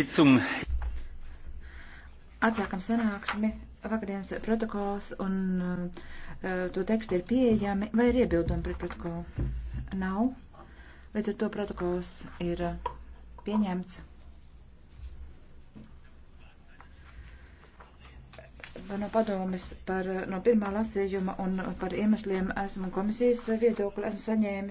Sitzung. Atsākam sanāksmi. Vakardienas protokols un um, uh, to tekstu ir pieejami. Vai ir iebildumi pret protokolu? Nav. Līdz ar to protokols ir uh, pieņemts. No padomis par uh, no pirmā lasījuma un par iemesliem esmu komisijas viedokli esmu saņēmis.